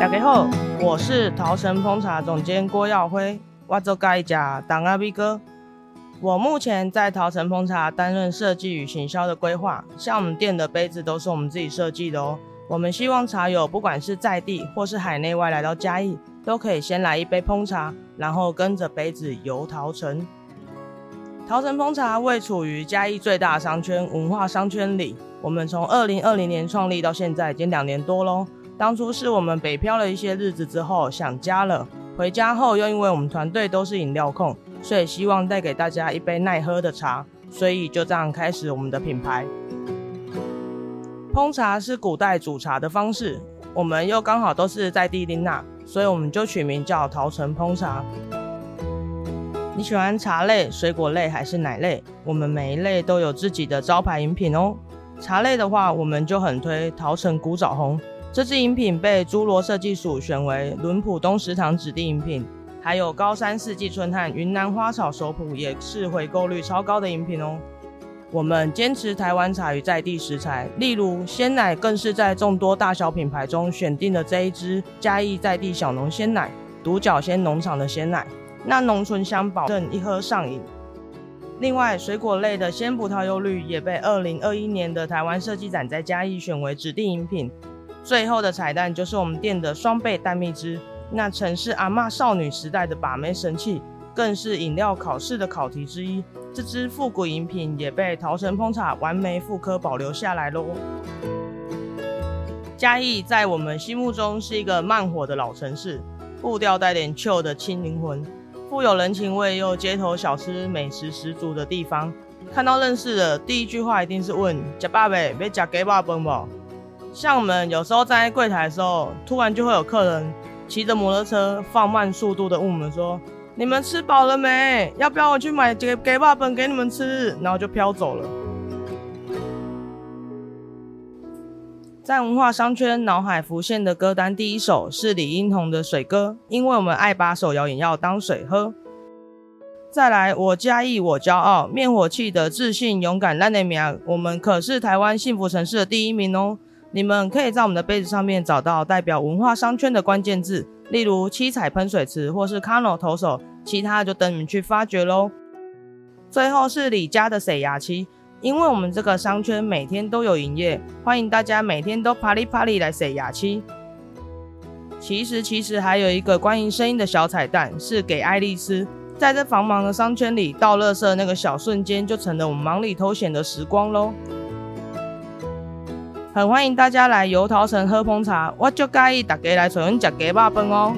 大家好，我是桃城烹茶總監郭耀徽，我做蓋家當阿 B 哥。我目前在桃城烹茶擔任設計與行銷的規劃，像我們店的杯子都是我們自己設計的哦、喔。我們希望茶友不管是在地或是海內外來到嘉義，都可以先來一杯烹茶，然後跟着杯子遊桃城。桃城烹茶位處於嘉義最大的商圈，文化商圈裡，我們從二零二零年創立到現在已經兩年多嘍。當初是我們北漂了一些日子之後想家了，回家後又因為我們團隊都是飲料控，所以希望帶給大家一杯耐喝的茶，所以就這樣開始我們的品牌。烹茶是古代煮茶的方式，我們又剛好都是在地丁娜，所以我們就取名叫桃城烹茶。你喜歡茶類、水果類還是奶類？我們每一類都有自己的招牌飲品哦。茶類的話，我們就很推桃城古早紅。這支飲品被諸羅設計塾選為倫浦東食堂指定飲品，還有高山四季春和雲南花草熟普也是回購率超高的飲品哦。我們堅持台灣茶與在地食材，例如鮮奶更是在眾多大小品牌中選定了這一支嘉義在地小農鮮奶，獨角仙農場的鮮奶，那濃醇香保證一喝上癮。另外，水果類的鮮葡萄柚綠也被二零二一年的台灣設計展在嘉義選為指定飲品。最後的彩蛋就是我們店的雙倍蛋蜜汁，那曾是阿嬤少女時代的把妹神器，更是飲料考試的考題之一。這支復古飲品也被桃城烹茶完美復刻保留下來嘍。嘉義在我們心目中是一個慢火的老城市，步調帶點舊的輕靈魂，富有人情味又街頭小吃美食十足的地方。看到認識的第一句話一定是問：吃飽沒？別吃雞肉飯像我們有時候站在櫃檯的時候，突然就會有客人騎着摩托車放慢速度的問我們說：“你們吃飽了沒？要不要我去買雞肉飯給你們吃？”然後就飄走了。 在文化商圈，腦海浮現的歌單第一首是李英宏的《水哥》，因為我們愛把手搖飲料當水喝。再來，我嘉義我驕傲，滅火器的自信勇敢，咱的名，我們可是台灣幸福城市的第一名哦。你們可以在我們的杯子上面找到代表文化商圈的關鍵字，例如七彩噴水池或是 KANO 投手，其他就等你們去發掘嘍。最後是李家的「洗牙期」，因為我們這個商圈每天都有營業，歡迎大家每天都啪哩啪哩來「洗牙期」。其實其實還有一個關於聲音的小彩蛋，是給愛麗絲。在這繁忙的商圈裡，倒樂色那個小瞬間，就成了我們忙裡偷閒的時光嘍。很歡迎大家來遊桃城喝烹茶，我最介意大家來揣阮食雞肉飯哦。